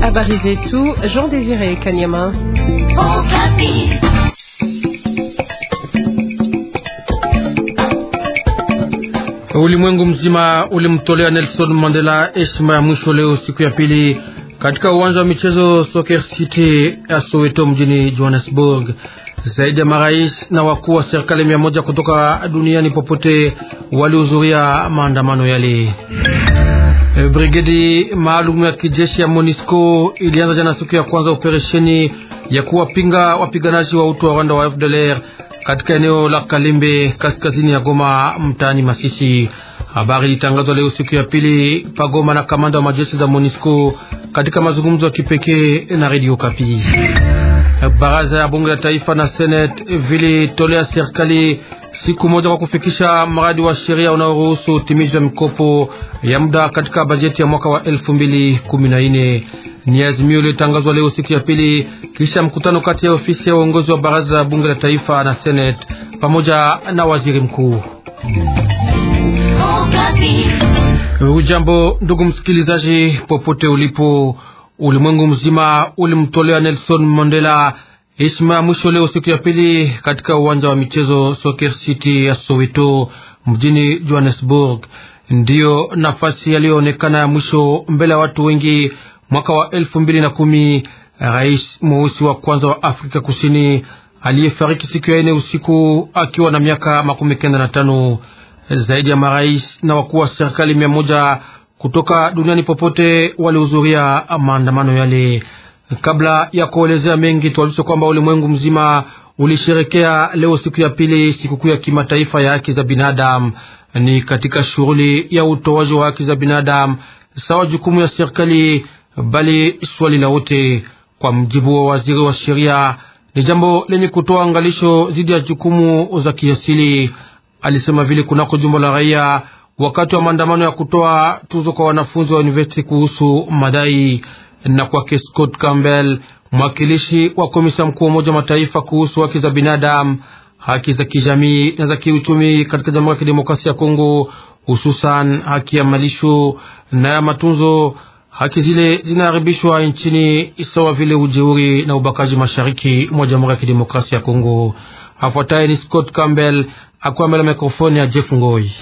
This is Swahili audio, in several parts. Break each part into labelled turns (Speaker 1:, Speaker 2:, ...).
Speaker 1: Habari zetu Jean Désiré
Speaker 2: Kanyama. Okapi. Ulimwengu mzima ulimtolea Nelson Mandela heshima ya mwisho leo siku ya pili katika uwanja wa michezo Soccer City ya Soweto mjini Johannesburg. Zaidi ya marais na wakuu wa serikali mia moja kutoka duniani popote walihudhuria maandamano yale. Eh, brigedi maalum ya kijeshi ya MONUSCO ilianza jana siku ya kwanza operesheni ya kuwapinga wapiganaji wa utu wa Rwanda wa FDLR katika eneo la Kalembe kaskazini ya Goma mtaani Masisi. Habari ilitangazwa leo siku ya pili Goma na kamanda wa majeshi za MONUSCO katika mazungumzo ya kipekee na Radio Kapi. Baraza ya bunge la taifa na Senate vilitolea serikali siku moja kwa kufikisha mradi wa sheria unaoruhusu utimizi wa mikopo ya muda katika bajeti ya mwaka wa 2014 ni azimio iliyotangazwa leo siku ya pili kisha mkutano kati ya ofisi ya uongozi wa baraza la bunge la taifa na Senate pamoja na waziri mkuu. Ujambo ndugu msikilizaji, popote ulipo, ulimwengu mzima ulimtolea Nelson Mandela Isma ya mwisho leo siku ya pili katika uwanja wa michezo Soccer City ya Soweto mjini Johannesburg ndiyo nafasi yaliyoonekana ya mwisho mbele ya watu wengi mwaka wa elfu mbili na kumi. Rais mweusi wa kwanza wa Afrika Kusini aliyefariki siku ya ine usiku akiwa na miaka makumi kenda na tano. Zaidi ya marais na wakuu wa serikali mia moja kutoka duniani popote walihudhuria maandamano yale. Kabla ya kuelezea mengi, tualishe kwamba ulimwengu mzima ulisherekea leo siku ya pili sikukuu ya kimataifa ya haki za binadamu. Ni katika shughuli ya utoaji wa haki za binadamu sawa jukumu ya serikali, bali swali la wote. Kwa mjibu wa waziri wa sheria, ni jambo lenye kutoa angalisho dhidi ya jukumu za kiasili. Alisema vile kunako jumba la raia wakati wa maandamano ya kutoa tuzo kwa wanafunzi wa university kuhusu madai na kwake Scott Campbell, mwakilishi wa komisa mkuu wa Umoja wa Mataifa kuhusu haki za binadamu, haki za kijamii na za kiuchumi katika Jamhuri ya Kidemokrasia ya Kongo, hususan haki ya malisho na ya matunzo. Haki zile zinaharibishwa nchini sawa vile ujeuri na ubakaji mashariki mwa Jamhuri ya Kidemokrasia ya Kongo. Afuataye ni Scott Campbell Akuwa mbele mikrofoni ya Jeff Ngoi.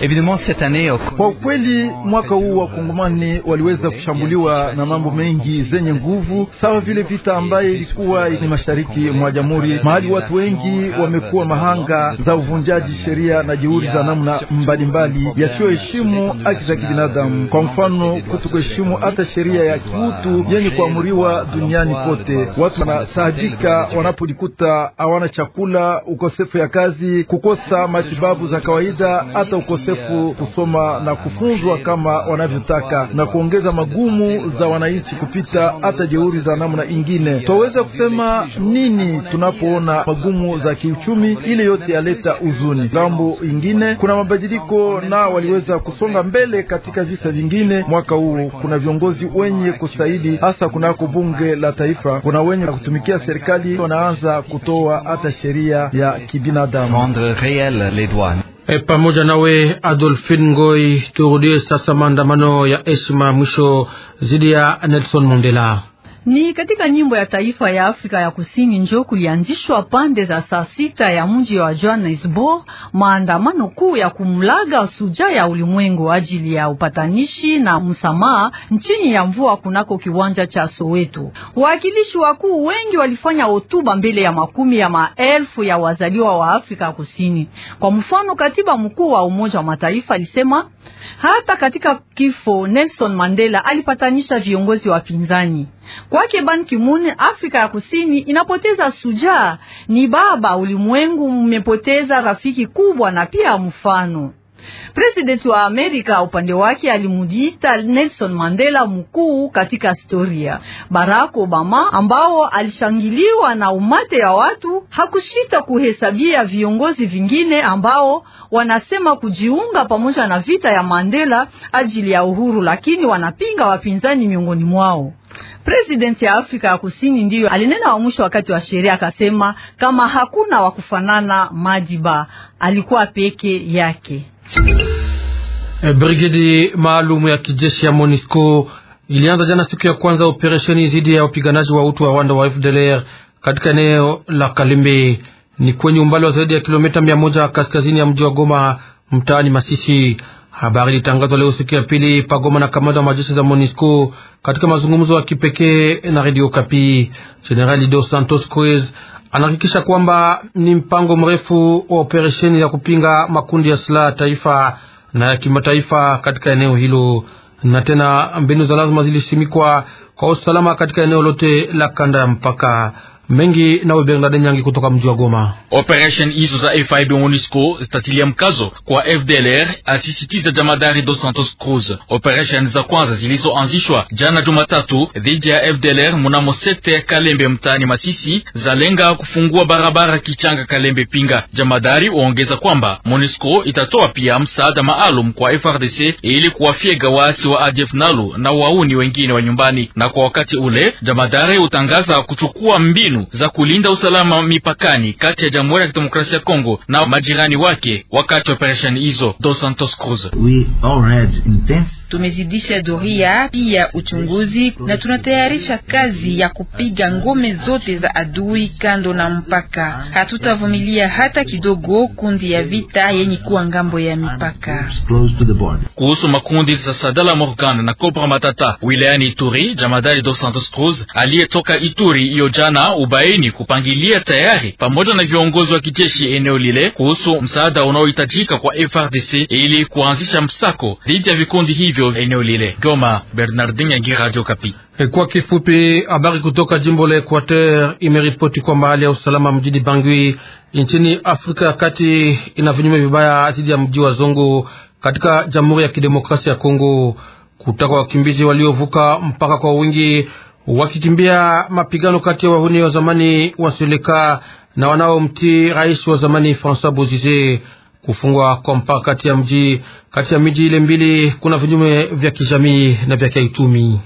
Speaker 2: Kwa ukweli mwaka huu
Speaker 3: wakongomani waliweza kushambuliwa na mambo mengi zenye nguvu, sawa vile vita ambaye ilikuwa ni mashariki mwa jamhuri, mahali watu wengi wamekuwa mahanga za uvunjaji sheria na jeuri za namna mbalimbali yasiyoheshimu haki za kibinadamu, kwa mfano kutokuheshimu hata sheria ya kiutu yenye kuamuriwa duniani kote. Watu wanasaadika wanapojikuta hawana chakula, ukosefu ya kazi, kukosa matibabu za kawaida, hata ukosefu kusoma na kufunzwa kama wanavyotaka, na kuongeza magumu za wananchi kupita hata jeuri za namna ingine. Twaweza kusema nini tunapoona magumu za kiuchumi? Ile yote yaleta huzuni. Ngambo ingine kuna mabadiliko na waliweza kusonga mbele katika visa vingine mwaka huu. Kuna viongozi wenye kustahili, hasa kunako bunge la taifa. Kuna wenye kutumikia serikali wanaanza kutoa hata sheria ya kibinadamu.
Speaker 2: Ledwan. E, pamoja nawe Adolfin Ngoi. Turudie sasa maandamano ya heshima mwisho dhidi ya Nelson Mandela.
Speaker 1: Ni katika nyimbo ya taifa ya Afrika ya Kusini njo kulianzishwa pande za saa sita ya mji wa Johannesburg maandamano kuu ya kumlaga suja ya ulimwengu ajili ya upatanishi na msamaha nchini ya mvua kunako kiwanja cha Soweto. Waakilishi wakuu wengi walifanya hotuba mbele ya makumi ya maelfu ya wazaliwa wa Afrika ya Kusini. Kwa mfano, katiba mkuu wa Umoja wa Mataifa alisema hata katika kifo Nelson Mandela alipatanisha viongozi wa pinzani. Kwake Ban Ki-moon, Afrika ya Kusini inapoteza sujaa, ni baba ulimwengu mmepoteza rafiki kubwa na pia mfano. Presidenti wa Amerika upande wake alimujiita Nelson Mandela mkuu katika historia. Barack Obama ambao alishangiliwa na umate ya watu hakushita kuhesabia viongozi vingine ambao wanasema kujiunga pamoja na vita ya Mandela ajili ya uhuru, lakini wanapinga wapinzani miongoni mwao. Presidenti ya Afrika ya Kusini ndiyo alinena wa mwisho wakati wa sherehe, akasema kama hakuna wa kufanana Madiba alikuwa peke yake.
Speaker 2: Eh, brigedi maalum ya kijeshi ya MONUSCO ilianza jana siku ya kwanza operesheni dhidi ya wapiganaji wa utu wa Rwanda wa FDLR katika eneo la Kalembe, ni kwenye umbali wa zaidi ya kilomita mia moja kaskazini ya mji wa Goma, mtaani Masisi. Habari ilitangazwa leo siku ya pili pagoma na kamanda wa majeshi za Monisco katika mazungumzo ya kipekee na Radio Kapi. Generali Dos Santos Cruz anahakikisha kwamba ni mpango mrefu wa operesheni ya kupinga makundi ya silaha ya taifa na ya kimataifa katika eneo hilo, na tena mbinu za lazima zilisimikwa kwa usalama katika eneo lote la kanda ya mpaka mengi nawe Bernard Nyangi kutoka mji wa Goma.
Speaker 4: Operation hizo za FIB MONUSCO zitatilia mkazo kwa FDLR, asisitiza jamadari Dos Santos Cruz. Operation za kwanza zilizoanzishwa jana Jumatatu dhidi ya FDLR mnamo sekta ya Kalembe mtaani Masisi zalenga kufungua barabara Kichanga Kalembe Pinga. Jamadari waongeza kwamba MONUSCO itatoa pia msaada maalum kwa FRDC ili kuwafyega waasi wa ADF NALU na wauni wengine wa nyumbani, na kwa wakati ule jamadari utangaza kuchukua mbinu tano za kulinda usalama mipakani kati ya Jamhuri ya Kidemokrasia ya Kongo na majirani wake wakati wa operesheni hizo. Dos Santos Cruz. We all had intense
Speaker 1: Tumezidisha doria pia uchunguzi na tunatayarisha kazi ya kupiga ngome zote za adui kando na mpaka. Hatutavumilia hata kidogo kundi ya vita yenye kuwa ngambo ya mipaka.
Speaker 4: Kuhusu makundi za Sadala Morgan na Kobra Matata wilayani Ituri, jamadari Dos Santos Cruz aliyetoka Ituri hiyo jana ubaini kupangilia tayari pamoja na viongozi wa kijeshi eneo lile kuhusu msaada unaohitajika kwa FRDC ili kuanzisha msako dhidi ya vikundi hivi hivyo eneo lile. Goma, Bernardin Yangi, Radio Kapi. E, kwa kifupi, habari kutoka jimbo la
Speaker 2: Equateur imeripoti kwamba hali ya usalama mjini Bangui nchini Afrika ya Kati ina vinyume vibaya dhidi ya mji wa Zongo katika Jamhuri ya Kidemokrasia ya Kongo. Kutaka wakimbizi waliovuka mpaka kwa wingi wakikimbia mapigano kati ya wahuni wa zamani wa na wanaomtii rais wa zamani Francois Bozize. Kufungwa kwa mpaka kati ya mji kati ya miji ile mbili kuna vinyume vya kijamii na vya kiuchumi.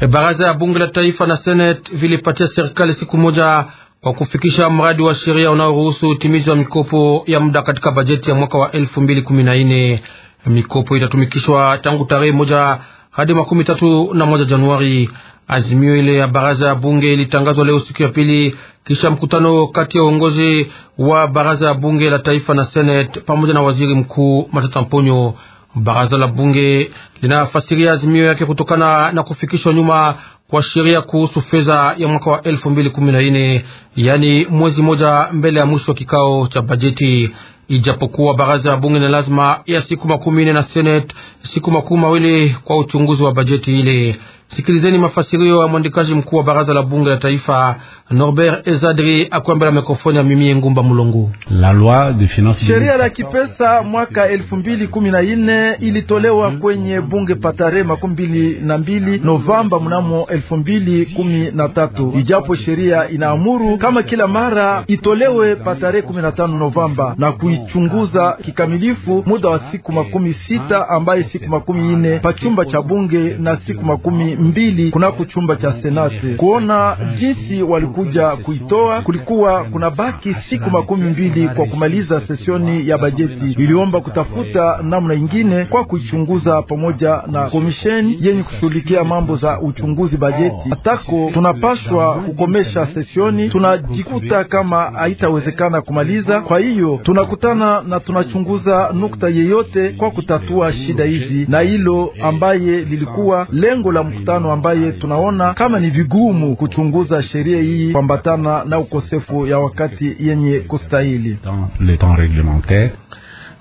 Speaker 2: E, baraza ya bunge la taifa na seneti vilipatia serikali siku moja kwa kufikisha mradi wa sheria unaoruhusu utimizi wa mikopo ya muda katika bajeti ya mwaka wa elfu mbili kumi na nne. Mikopo itatumikishwa tangu tarehe moja hadi makumi tatu na moja Januari. Azimio ile ya baraza ya bunge ilitangazwa leo siku ya pili kisha mkutano kati ya uongozi wa baraza ya bunge la taifa na seneti pamoja na waziri mkuu Matata Mponyo. Baraza la bunge linafasiria azimio yake kutokana na kufikishwa nyuma kwa sheria kuhusu fedha ya mwaka wa elfu mbili kumi na nne yaani mwezi mmoja mbele ya mwisho wa kikao cha bajeti. Ijapokuwa baraza ya bunge na lazima ya siku makumi nne na seneti siku makumi mawili kwa uchunguzi wa bajeti ile Sikilizeni mafasirio ya mwandikaji mkuu wa baraza la bunge la taifa Norbert Ezadri akuambela mikrofoni ya mimi Ngumba Mulongo.
Speaker 4: La loi de finance,
Speaker 2: sheria
Speaker 3: la kipesa mwaka elfu mbili kumi na nne ilitolewa kwenye bunge patare makumi mbili na mbili Novemba mnamo elfu mbili kumi na tatu ijapo sheria inaamuru kama kila mara itolewe patare kumi na tano Novemba na kuichunguza kikamilifu muda wa siku makumi sita ambaye siku makumi nne pa chumba cha bunge na siku makumi mbili kunako chumba cha Senate kuona jinsi walikuja kuitoa. Kulikuwa kuna baki siku makumi mbili kwa kumaliza sesioni ya bajeti, iliomba kutafuta namna ingine kwa kuichunguza pamoja na komisheni yenye kushughulikia mambo za uchunguzi bajeti. Atako tunapashwa kukomesha sesioni, tunajikuta kama haitawezekana kumaliza. Kwa hiyo tunakutana na tunachunguza nukta yeyote kwa kutatua shida hizi, na hilo ambaye lilikuwa lengo la mkutano mkutano ambaye tunaona kama ni vigumu kuchunguza sheria hii kuambatana na ukosefu ya wakati yenye kustahili.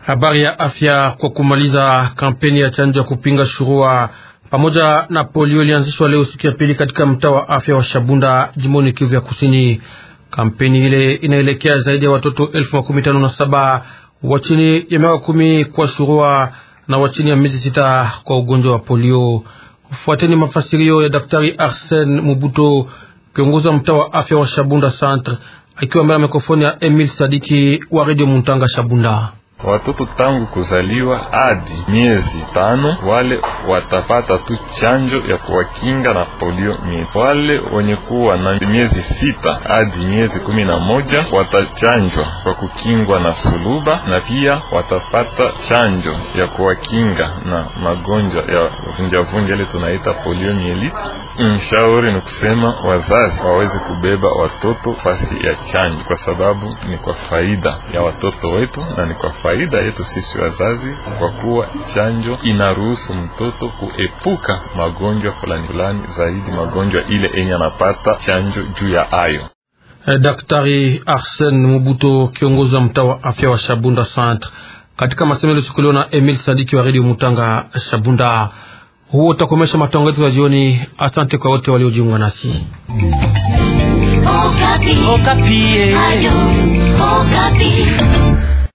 Speaker 2: Habari ya afya. Kwa kumaliza, kampeni ya chanjo ya kupinga shurua pamoja na polio ilianzishwa leo siku ya pili katika mtaa wa afya wa Shabunda jimboni Kivu ya Kusini. Kampeni ile inaelekea zaidi ya watoto elfu makumi tano na saba wa chini ya miaka kumi kwa shurua na wa chini ya miezi sita kwa ugonjwa wa polio. Fuateni mafasirio ya Daktari Arsene Mubuto, kiongozi wa mtaa wa afya wa Shabunda Centre, akiwa mbele ya mikrofoni ya Emil Sadiki wa Radio Muntanga Shabunda.
Speaker 3: Watoto tangu kuzaliwa hadi miezi tano wale watapata tu chanjo ya kuwakinga na poliomielite. Wale wenye kuwa na miezi sita hadi miezi kumi na moja watachanjwa kwa kukingwa na suluba, na pia watapata chanjo ya kuwakinga na magonjwa ya vunjavunja ile tunaita poliomielite. Mshauri ni kusema wazazi waweze kubeba watoto fasi ya chanjo, kwa sababu ni kwa faida ya watoto wetu na ni kwa faida yetu sisi wazazi, kwa kuwa chanjo inaruhusu mtoto kuepuka magonjwa fulani fulani, zaidi magonjwa ile enye anapata chanjo juu
Speaker 4: ya ayo.
Speaker 2: Eh, daktari Arsen Mubuto, kiongozi wa mtaa wa afya wa Shabunda Centre, katika masemelo chukuliwa na Emil Sadiki wa Radio Mutanga Shabunda. Huo utakomesha matangazo ya jioni. Asante kwa wote waliojiunga nasi
Speaker 3: Okapi. Okapi.